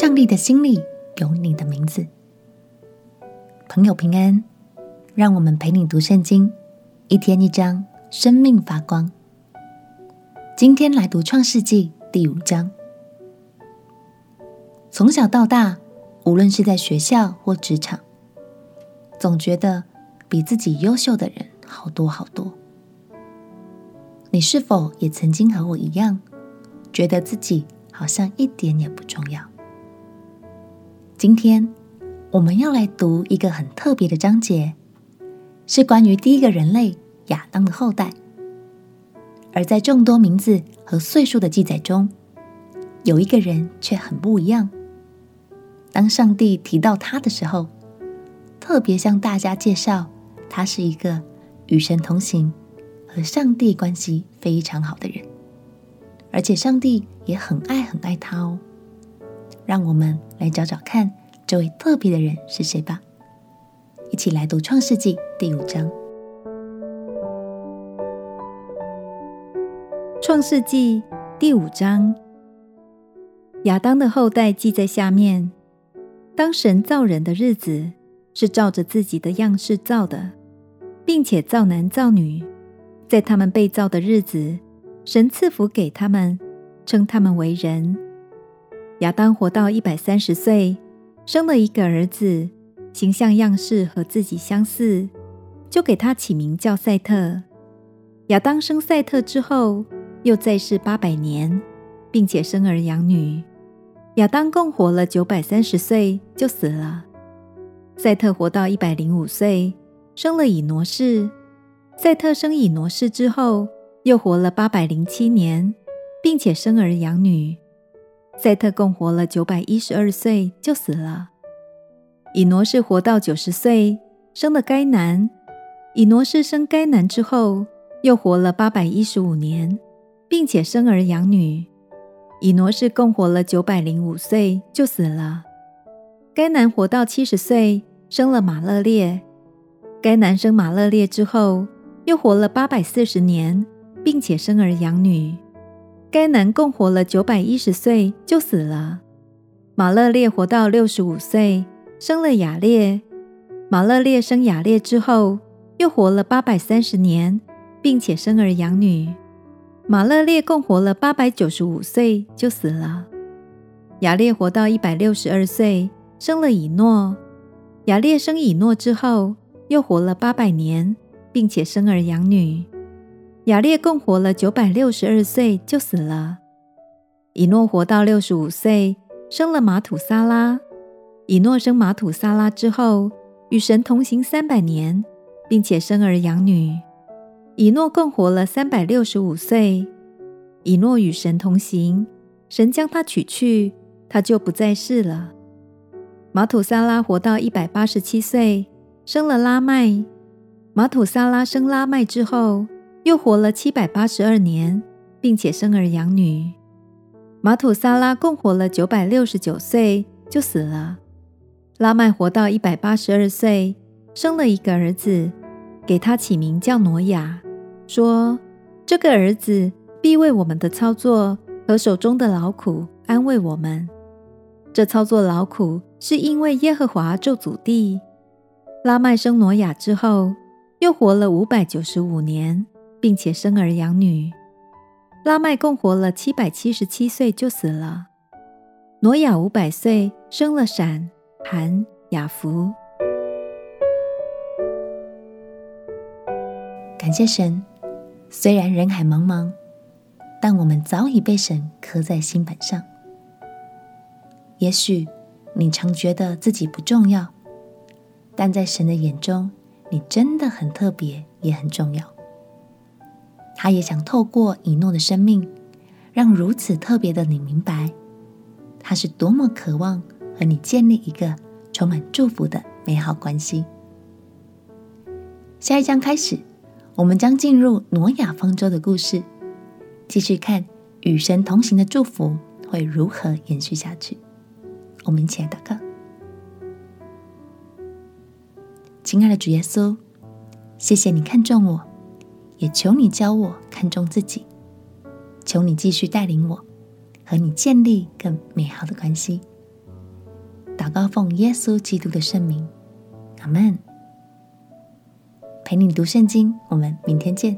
上帝的心裡有你的名字，朋友平安。讓我們陪你讀聖經，一天一章，生命發光。今天來讀創世紀第五章。從小到大，無論是在學校或職場，總覺得比自己優秀的人好多好多。你是否也曾經和我一樣，覺得自己好像一點也不重要？今天我們要來讀一個很特別的章節，是關於第一個人類亞當的後代。而在眾多名字和歲數的記載中，有一個人卻很不一樣。當上帝提到他的時候，特別向大家介紹，他是一個與神同行、和上帝關係非常好的人，而且上帝也很愛很愛他哦。讓我們來找找看，這位特別的人是誰吧。一起來讀《創世記》第五章。創世記第五章，亞當的後代記在下面。當神造人的日子，是照着自己的樣式造的，並且造男造女。在他們被造的日子，神賜福給他們，稱他們為人。亞當活到一百三十歲，生了一個兒子，形象樣式和自己相似，就給他起名叫賽特。亞當生賽特之後，又在世八百年，並且生兒養女。亞當共活了九百三十歲就死了。賽特活到一百零五歲，生了以挪士。賽特生以挪士之後，又活了八百零七年，並且生兒養女。塞特共活了九百一十二歲就死了。以挪士活到九十歲，生了該南。以挪士生該南之後，又活了八百一十五年，並且生兒養女。以挪士共活了九百零五歲就死了。該南活到七十歲，生了瑪勒列。該南生瑪勒列之後，又活了八百四十年，並且生兒養女。該南共活了九百一十歲就死了。瑪勒列活到六十五歲，生了雅列。瑪勒列生雅列之後，又活了八百三十年，並且生兒養女。瑪勒列共活了八百九十五歲就死了。雅列活到一百六十二歲，生了以諾。雅列生以諾之後，又活了八百年，並且生兒養女。雅列共活了九百六十二歲，就死了。以諾活到六十五歲，生了瑪土撒拉。以諾生瑪土撒拉之後，與神同行三百年，並且生兒養女。以諾共活了三百六十五歲。以諾與神同行，神將他取去，他就不在世了。瑪土撒拉活到一百八十七歲，生了拉麥。瑪土撒拉生拉麥之後，又活了七百八十二年，並且生兒養女。瑪土撒拉共活了九百六十九歲就死了。拉麥活到一百八十二歲，生了一個兒子，給他起名叫挪亞，說，這個兒子必為我們的操作和手中的勞苦安慰我們。這操作勞苦是因為耶和華咒詛地。拉麥生挪亞之後，又活了五百九十五年。並且生兒養女，拉麥共活了七百七十七歲就死了。挪亞五百歲生了閃、含、雅弗。感謝神，雖然人海茫茫，但我們早已被神刻在心版上。也許你常覺得自己不重要，但在神的眼中，你真的很特別，也很重要。他也想透過以諾的生命，讓如此特別的你明白，他是多麼渴望和你建立一個充滿祝福的美好關係。下一章開始，我們將進入挪亞方舟的故事，繼續看與神同行的祝福會如何延續下去。我們一起來禱告：親愛的主耶穌，謝謝你看中我。也求你教我看重自己，求你繼續帶領我，和你建立更美好的關係。禱告奉耶穌基督的聖名，阿門。陪你讀聖經，我們明天見。